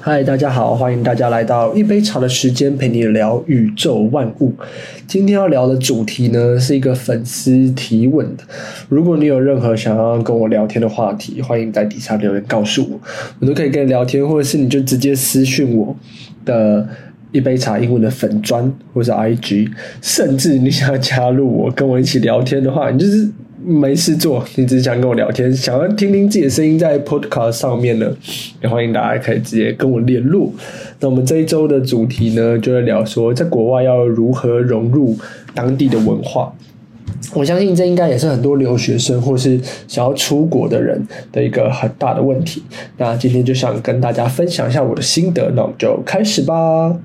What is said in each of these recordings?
嗨，Hi, 大家好，歡迎大家來到一杯茶的時間，陪你聊宇宙萬物。今天要聊的主題呢，是一個粉絲提問的。如果你有任何想要跟我聊天的話題，歡迎在底下留言告訴我，我都可以跟你聊天，或者是你就直接私訊我的一杯茶英文的粉專或者 IG，甚至你想要加入我跟我一起聊天的話，你就是。沒事做，你只是想跟我聊天，想要聽聽自己的聲音在 podcast 上面呢，也歡迎大家可以直接跟我聯絡。那我們這一周的主題呢，就會聊說，在國外要如何融入當地的文化。我相信這應該也是很多留學生或是想要出國的人的一個很大的問題。那今天就想跟大家分享一下我的心得，那我們就開始吧。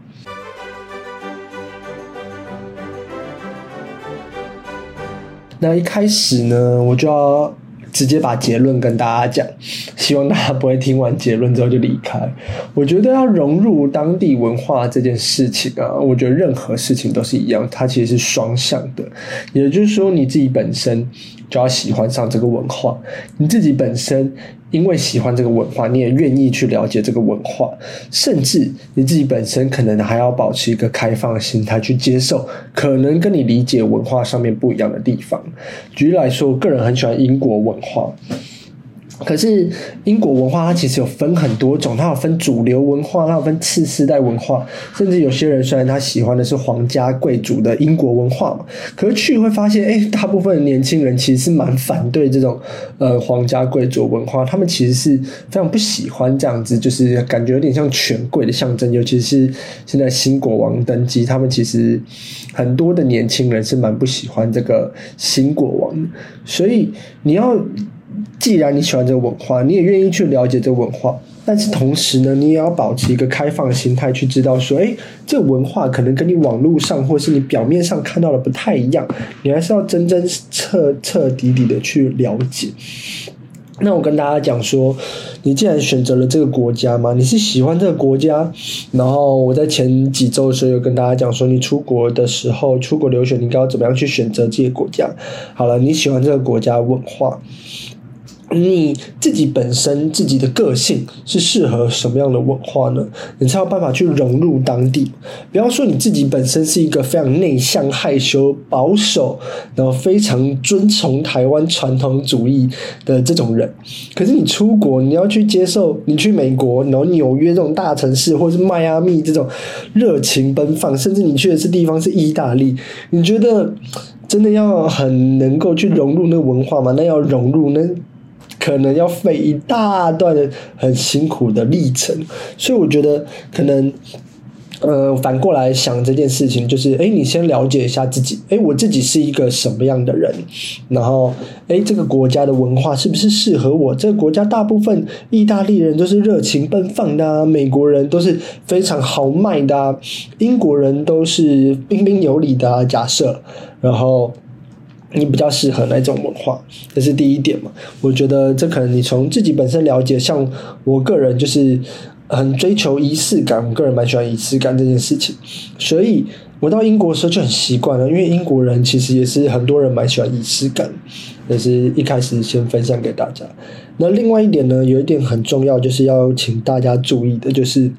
那一開始呢，我就要直接把結論跟大家講，希望大家不會聽完結論之後就離開。我覺得要融入當地文化這件事情啊，我覺得任何事情都是一樣，它其實是雙向的。也就是說你自己本身。就要喜歡上這個文化，你自己本身因為喜歡這個文化，你也願意去了解這個文化，甚至你自己本身可能還要保持一個開放的心態去接受，可能跟你理解文化上面不一樣的地方。舉例來說，我個人很喜歡英國文化。可是英國文化它其實有分很多種，它有分主流文化，它有分次世代文化，甚至有些人雖然他喜歡的是皇家貴族的英國文化，可是去會發現，誒、欸、大部分的年輕人其實是蠻反對這種呃皇家貴族文化，他們其實是非常不喜歡這樣子，就是感覺有點像權貴的象徵，尤其是現在新國王登基，他們其實很多的年輕人是蠻不喜歡這個新國王的，所以你要。既然你喜歡這個文化，你也願意去了解這個文化，但是同時呢，你也要保持一個開放的心態去知道說，誒，這個文化可能跟你網絡上或是你表面上看到的不太一樣，你還是要真真徹徹底底的去了解。那我跟大家講說，你既然選擇了這個國家嘛，你是喜歡這個國家，然後我在前幾週的時候有跟大家講說，你出國的時候出國留學，你應該要怎麼樣去選擇這些國家？好了，你喜歡這個國家文化。你自己本身自己的個性是適合什麼樣的文化呢？你才有辦法去融入當地。不要說你自己本身是一個非常內向、害羞、保守，然後非常遵從台灣傳統主義的這種人，可是你出國，你要去接受，你去美國，然後紐約這種大城市，或是邁阿密這種熱情奔放，甚至你去的是地方是意大利，你覺得真的要很能夠去融入那個文化嗎？那要融入呢？那個可能要費一大段很辛苦的歷程，所以我覺得可能，呃，反過來想這件事情，就是，哎、欸，你先了解一下自己，哎、欸，我自己是一個什麼樣的人，然後，哎、欸，這個國家的文化是不是適合我？這個國家大部分意大利人都是熱情奔放的、啊，美國人都是非常豪邁的、啊，英國人都是彬彬有禮的、啊、假設，然後。你比較適合哪種文化？這是第一點嘛。我覺得這可能你從自己本身了解。像我個人就是很追求儀式感，我個人蠻喜歡儀式感這件事情，所以我到英國的時候就很習慣了，因為英國人其實也是很多人蠻喜歡儀式感。也是一開始先分享給大家。那另外一點呢，有一點很重要，就是要請大家注意的，就是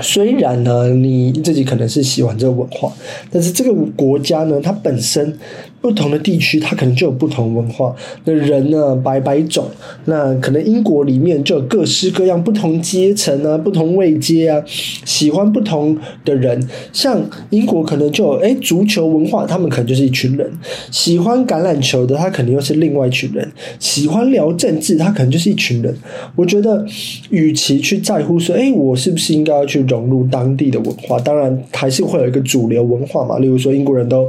雖然呢你自己可能是喜歡這個文化，但是這個國家呢，它本身。不同的地區，它可能就有不同文化。那人呢，百百種。那可能英國裡面就有各式各樣不同階層啊、不同位階啊，喜歡不同的人。像英國可能就有，誒、欸，足球文化，他們可能就是一群人。喜歡橄欖球的，他肯定又是另外一群人。喜歡聊政治，他可能就是一群人。我覺得，與其去在乎說，誒、欸，我是不是應該要去融入當地的文化？當然，還是會有一個主流文化嘛。例如說，英國人都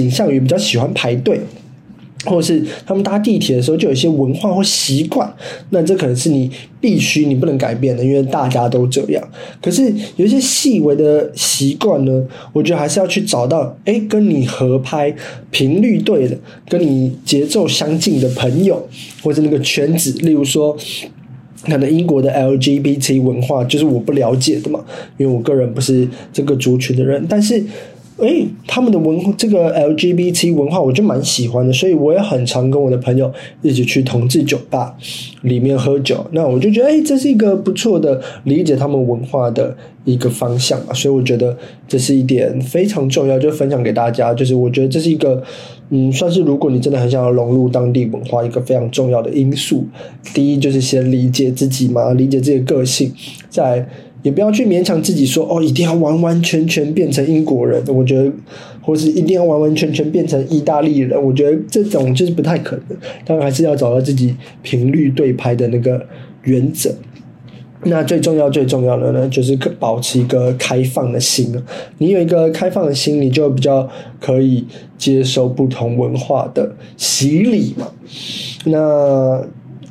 傾向於比較喜歡排隊，或是他們搭地鐵的時候就有一些文化或習慣，那這可能是你必須你不能改變的，因為大家都這樣。可是有一些細微的習慣呢，我覺得還是要去找到哎、欸、跟你合拍、頻率對的、跟你節奏相近的朋友，或者那個圈子，例如說可能英國的 LGBT 文化就是我不了解的嘛，因為我個人不是這個族群的人，但是。哎、欸，他們的文化這個 LGBT 文化我就蠻喜歡的，所以我也很常跟我的朋友一起去同志酒吧裡面喝酒。那我就覺得，哎、欸，這是一個不錯的理解他們文化的一個方向嘛，所以我覺得這是一點非常重要，就分享給大家。就是我覺得這是一個，嗯，算是如果你真的很想要融入當地文化，一個非常重要的因素。第一就是先理解自己嘛，理解自己的個性，再。也不要去勉強自己說哦，一定要完完全全變成英國人，我覺得，或是一定要完完全全變成意大利人，我覺得這種就是不太可能。當然，還是要找到自己頻率對拍的那個原則。那最重要、最重要的呢，就是保持一個開放的心。你有一個開放的心，你就比較可以接受不同文化的洗禮嘛。那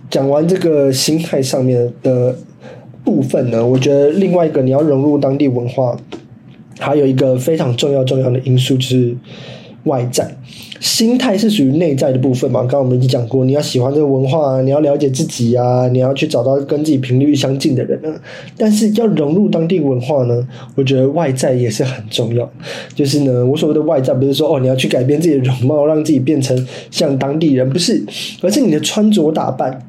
講完這個心態上面的。部分呢，我覺得另外一個你要融入當地文化，還有一個非常重要重要的因素就是外在。心態是屬於內在的部分嘛，剛剛我們已經講過，你要喜歡這個文化啊，你要了解自己啊，你要去找到跟自己頻率相近的人啊。但是要融入當地文化呢，我覺得外在也是很重要。就是呢，我所謂的外在，不是說哦，你要去改變自己的容貌，讓自己變成像當地人，不是，而是你的穿着打扮。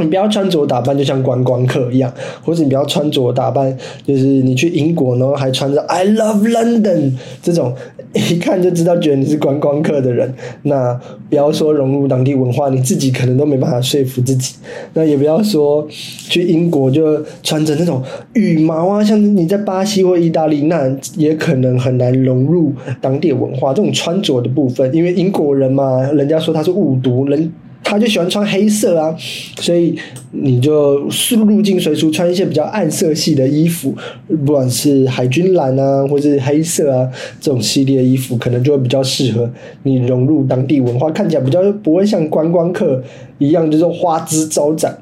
你不要穿着打扮就像觀光客一樣，或者你不要穿着打扮，就是你去英國呢，還穿着 "I love London" 這種，一看就知道覺得你是觀光客的人。那不要說融入當地文化，你自己可能都沒辦法說服自己。那也不要說去英國就穿着那種羽毛啊，像你在巴西或意大利，那也可能很難融入當地文化。這種穿着的部分，因為英國人嘛，人家說他是霧都人，他就喜歡穿黑色啊，所以你就入境隨俗，穿一些比較暗色系的衣服，不管是海軍藍啊，或是黑色啊這種系列的衣服，可能就會比較適合你融入當地文化，看起來比較不會像觀光客一樣，就是花枝招展。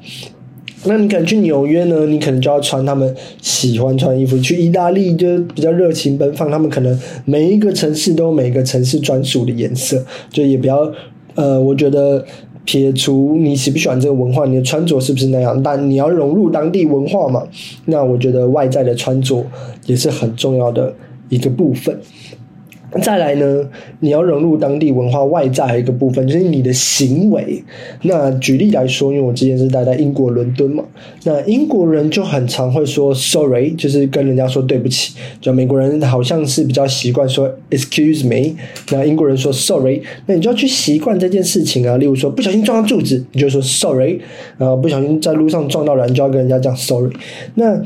那你可能去紐約呢，你可能就要穿他們喜歡穿的衣服；去意大利就比較熱情奔放，他們可能每一個城市都有每一個城市專屬的顏色，就也比較呃，我覺得。撇除你喜不喜歡這個文化，你的穿着是不是那樣？但你要融入當地文化嘛，那我覺得外在的穿着也是很重要的一個部分。再來呢，你要融入當地文化，外在的一個部分，就是你的行為。那舉例來說，因為我之前是待在英國倫敦嘛，那英國人就很常會說 “sorry”，就是跟人家說對不起。就美國人好像是比較習慣說 “excuse me”，那英國人說 “sorry”，那你就要去習慣這件事情啊。例如說不小心撞到柱子，你就說 “sorry”；然後不小心在路上撞到人，就要跟人家講 “sorry”。那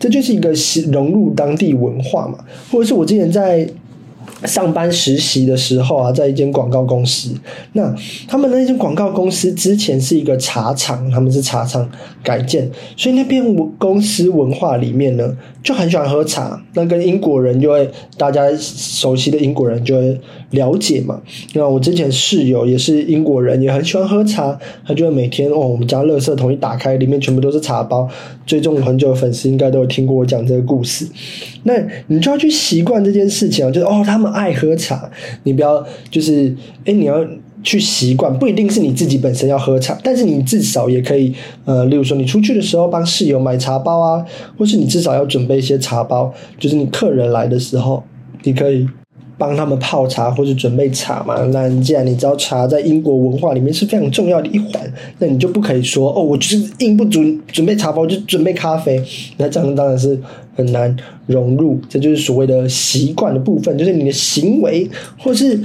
這就是一個融融入當地文化嘛，或者是我之前在上班實習的時候啊，在一間廣告公司。那他們那間廣告公司之前是一個茶廠，他們是茶廠改建，所以那邊文公司文化裡面呢，就很喜歡喝茶。那跟英國人，就會，大家熟悉的英國人就會了解嘛。那我之前室友也是英國人，也很喜歡喝茶。他就會每天哦，我們家垃圾桶一打開，裡面全部都是茶包。追蹤很久的粉絲應該都有聽過我講這個故事。那你就要去習慣這件事情我、啊、就是哦他。他們愛喝茶，你不要就是，哎，你要去習慣，不一定是你自己本身要喝茶，但是你至少也可以，呃，例如說你出去的時候幫室友買茶包啊，或是你至少要準備一些茶包，就是你客人來的時候，你可以幫他們泡茶或者準備茶嘛。那既然你知道茶在英國文化裡面是非常重要的一環，那你就不可以說哦，我就是硬不準準備茶包，我就準備咖啡，那這樣當然是。很難融入，這就是所謂的習慣的部分，就是你的行為，或是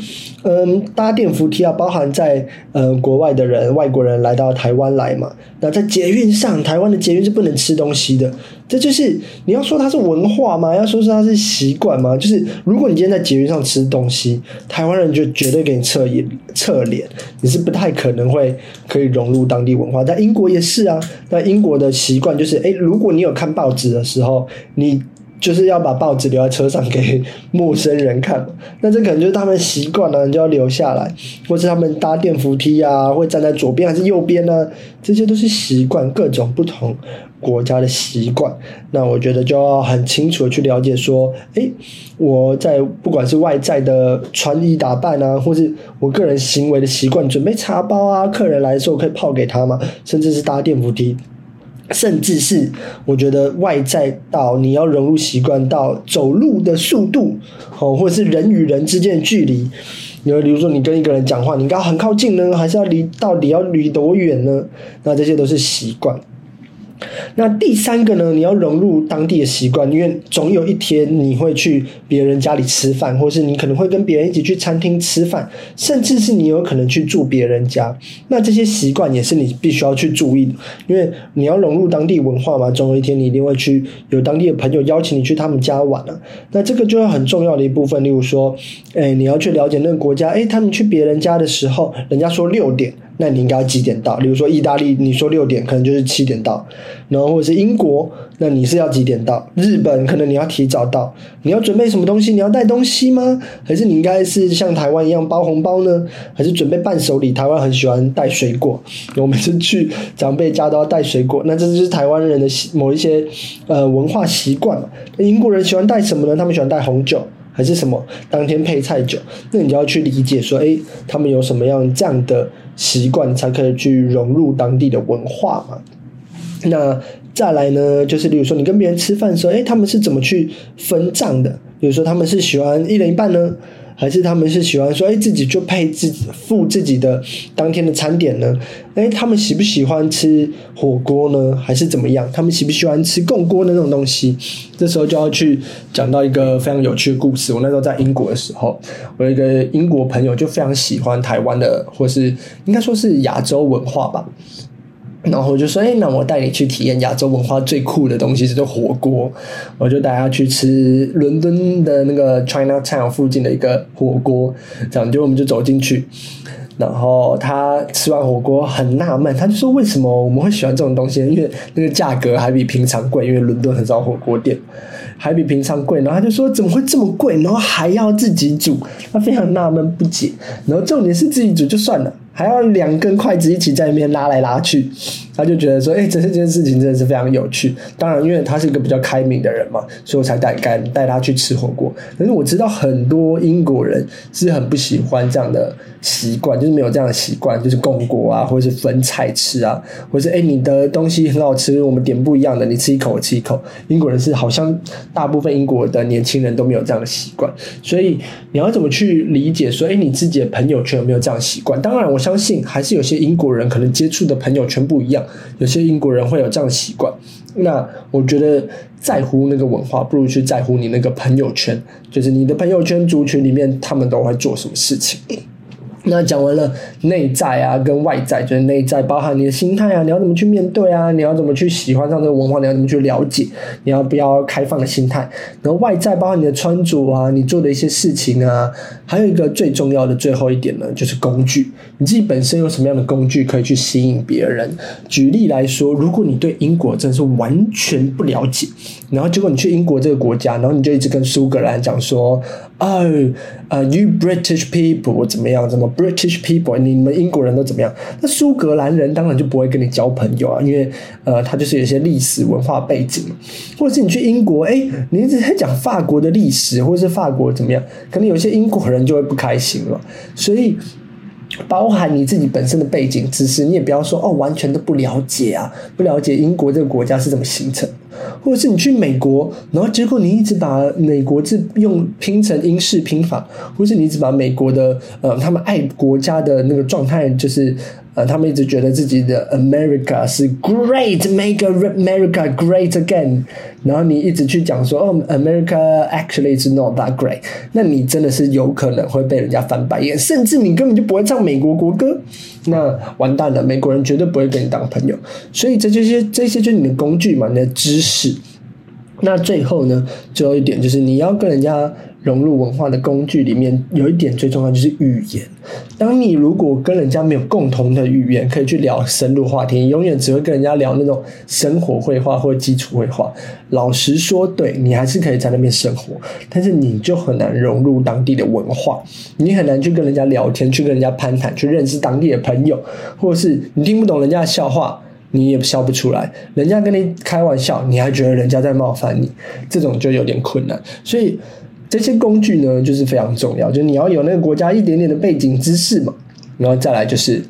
嗯搭電扶梯啊，包含在呃、嗯、國外的人、外國人來到台灣來嘛，那在捷運上，台灣的捷運是不能吃東西的，這就是你要說它是文化嘛，要說是它是習慣嘛。就是如果你今天在捷運上吃東西，台灣人就絕對給你側眼側臉，你是不太可能會可以融入當地文化。但英國也是啊，那英國的習慣就是誒，如果你有看報紙的時候。你就是要把報紙留在車上給陌生人看，那這可能就是他們習慣了，你就要留下來。或是他們搭電扶梯啊，會站在左邊還是右邊呢、啊？這些都是習慣，各種不同國家的習慣。那我覺得就要很清楚的去了解，說，誒、欸，我在不管是外在的穿衣打扮啊，或是我個人行為的習慣，準備茶包啊，客人來的時候可以泡給他嘛，甚至是搭電扶梯。甚至是我覺得外在到你要融入習慣到走路的速度哦，或者是人與人之間的距離，你會比如說你跟一個人講話，你應該很靠近呢，還是要離到底要離多遠呢？那這些都是習慣。那第三個呢，你要融入當地的習慣，因為總有一天你會去別人家裡吃飯，或是你可能會跟別人一起去餐廳吃飯，甚至是你有可能去住別人家。那這些習慣也是你必須要去注意的，因為你要融入當地文化嘛。總有一天你一定會去，有當地的朋友邀請你去他們家玩了啊。那這個就要很重要的一部分。例如說，哎，你要去了解那個國家，哎，他們去別人家的時候，人家說六點。那你應該要幾點到？比如說意大利，你說六點，可能就是七點到，然後或者是英國，那你是要幾點到？日本可能你要提早到，你要準備什麼東西？你要帶東西嗎？還是你應該是像台灣一樣包紅包呢？還是準備伴手禮？台灣很喜歡帶水果，我們是去長輩家都要帶水果。那這就是台灣人的某一些呃文化習慣。英國人喜歡帶什麼呢？他們喜歡帶紅酒還是什麼？當天配菜酒？那你就要去理解說，誒，他們有什麼樣這樣的。習慣才可以去融入當地的文化嘛。那再來呢，就是比如說你跟別人吃飯的時候，哎、欸，他們是怎麼去分賬的？比如說他們是喜歡一人一半呢？還是他們是喜歡說，誒、欸、自己就配自己，付自己的當天的餐點呢？誒、欸、他們喜不喜歡吃火鍋呢？還是怎麼樣？他們喜不喜歡吃共鍋的那種東西？這時候就要去講到一個非常有趣的故事。我那時候在英國的時候，我有一個英國朋友就非常喜歡台灣的，或是應該說是亞洲文化吧。然後我就說：“哎，那我帶你去體驗亞洲文化最酷的東西，就是火鍋。我就帶他去吃倫敦的那個 Chinatown 附近的一個火鍋，這樣就我們就走進去。然後他吃完火鍋很納悶，他就說：為什麼我們會喜歡這種東西？因為那個價格還比平常貴，因為倫敦很少火鍋店，還比平常貴。然後他就說：怎麼會這麼貴？然後還要自己煮，他非常納悶不解。然後重點是自己煮就算了。”還要兩根筷子一起在裡面拉來拉去。他就覺得說，哎、欸，這這件事情真的是非常有趣。當然，因為他是一個比較開明的人嘛，所以我才帶敢帶他去吃火鍋。可是我知道很多英國人是很不喜歡這樣的習慣，就是沒有這樣的習慣，就是共鍋啊，或者是分菜吃啊，或者是哎、欸、你的東西很好吃，我們點不一樣的，你吃一口，我吃一口。英國人是好像大部分英國的年輕人都沒有這樣的習慣，所以你要怎麼去理解說，哎、欸，你自己的朋友圈有沒有這樣的習慣？當然，我相信還是有些英國人可能接觸的朋友圈不一樣。有些英國人會有這樣的習慣，那我覺得在乎那個文化，不如去在乎你那個朋友圈，就是你的朋友圈族群裡面，他們都會做什麼事情。那講完了內在啊，跟外在，就是內在包含你的心態啊，你要怎麼去面對啊，你要怎麼去喜歡上這個文化，你要怎麼去了解，你要不要開放的心態。然後外在包含你的穿着啊，你做的一些事情啊。還有一個最重要的最後一點呢，就是工具。你自己本身有什麼樣的工具可以去吸引別人？舉例來說，如果你對英國真是完全不了解，然後結果你去英國這個國家，然後你就一直跟蘇格蘭講說：“哦，呃，you British people 怎麼樣？怎麼 British people？你，你們英國人都怎麼樣？”那蘇格蘭人當然就不會跟你交朋友啊，因為呃，他就是有些歷史文化背景。或者是你去英國，哎，你一直在講法國的歷史，或者是法國怎麼樣？可能有些英國人。你就會不開心了，所以包含你自己本身的背景知識，你也不要說，哦，完全都不了解啊，不了解英國這個國家是怎麼形成，或者是你去美國，然後結果你一直把美國字用拼成英式拼法，或是你一直把美國的呃，他們愛國家的那個狀態就是。呃，他們一直覺得自己的 America 是 great，make America great again，然後你一直去講說，哦，America actually is not that great，那你真的是有可能會被人家翻白眼，甚至你根本就不會唱美國國歌，那完蛋了，美國人絕對不會跟你當朋友，所以這這些這些就是你的工具嘛，你的知識。那最後呢，最後一點就是你要跟人家融入文化的工具裡面，有一點最重要就是語言。當你如果跟人家沒有共同的語言，可以去聊深入話題，永遠只會跟人家聊那種生活會話或基礎會話，老實說對，對你還是可以在那邊生活，但是你就很難融入當地的文化，你很難去跟人家聊天，去跟人家攀談，去認識當地的朋友，或是你聽不懂人家的笑話。你也笑不出來，人家跟你開玩笑，你還覺得人家在冒犯你，這種就有點困難。所以這些工具呢，就是非常重要，就你要有那個國家一點點的背景知識嘛，然後再來就是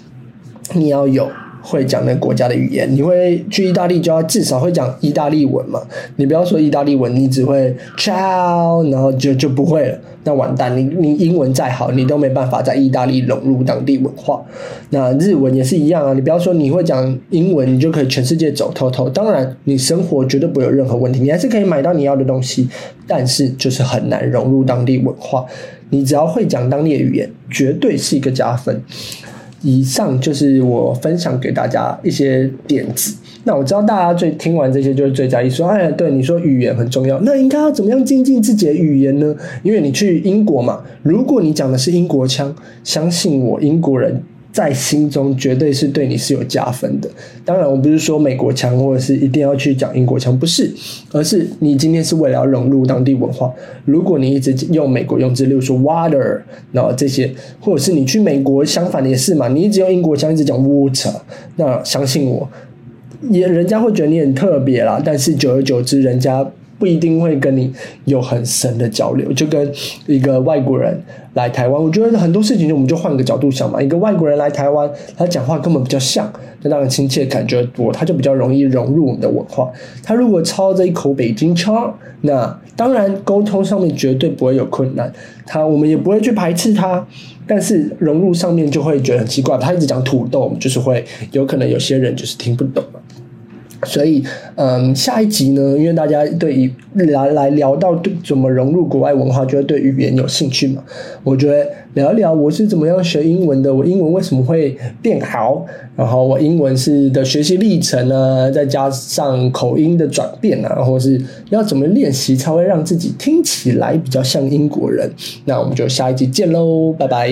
你要有。會講那個國家的語言，你會去意大利就要至少會講意大利文嘛？你不要說意大利文，你只會 ciao 然後就就不會了，那完蛋！你你英文再好，你都沒辦法在意大利融入當地文化。那日文也是一樣啊，你不要說你會講英文，你就可以全世界走透透。當然，你生活絕對不會有任何問題，你還是可以買到你要的東西，但是就是很難融入當地文化。你只要會講當地的語言，絕對是一個加分。以上就是我分享給大家一些點子。那我知道大家最聽完這些就是最在意說。哎，對，你說語言很重要，那應該要怎麼樣精進自己的語言呢？因為你去英國嘛，如果你講的是英國腔，相信我，英國人。在心中絕對是對你是有加分的。當然，我不是說美國腔，或者是一定要去講英國腔，不是，而是你今天是為了要融入當地文化。如果你一直用美國用字，例如說 water，然後這些，或者是你去美國，相反也是嘛，你一直用英國腔，一直講 water，那相信我，也人家會覺得你很特別啦。但是久而久之，人家。不一定會跟你有很深的交流。就跟一個外國人來台灣，我覺得很多事情我們就換個角度想嘛。一個外國人來台灣，他講話根本比較像，就讓人親切感覺多，他就比較容易融入我們的文化。他如果操着一口北京腔，那當然溝通上面絕對不會有困難，他我們也不會去排斥他，但是融入上面就會覺得很奇怪，他一直講土豆，就是會有可能有些人就是聽不懂嘛。所以，嗯，下一集呢，因為大家對於來來聊到對怎麼融入國外文化，就會對語言有興趣嘛。我覺得聊一聊我是怎麼樣學英文的，我英文為什麼會變好，然後我英文是的學習歷程呢，再加上口音的轉變啊，或是要怎麼練習才會讓自己聽起來比較像英國人。那我們就下一集見嘍，拜拜。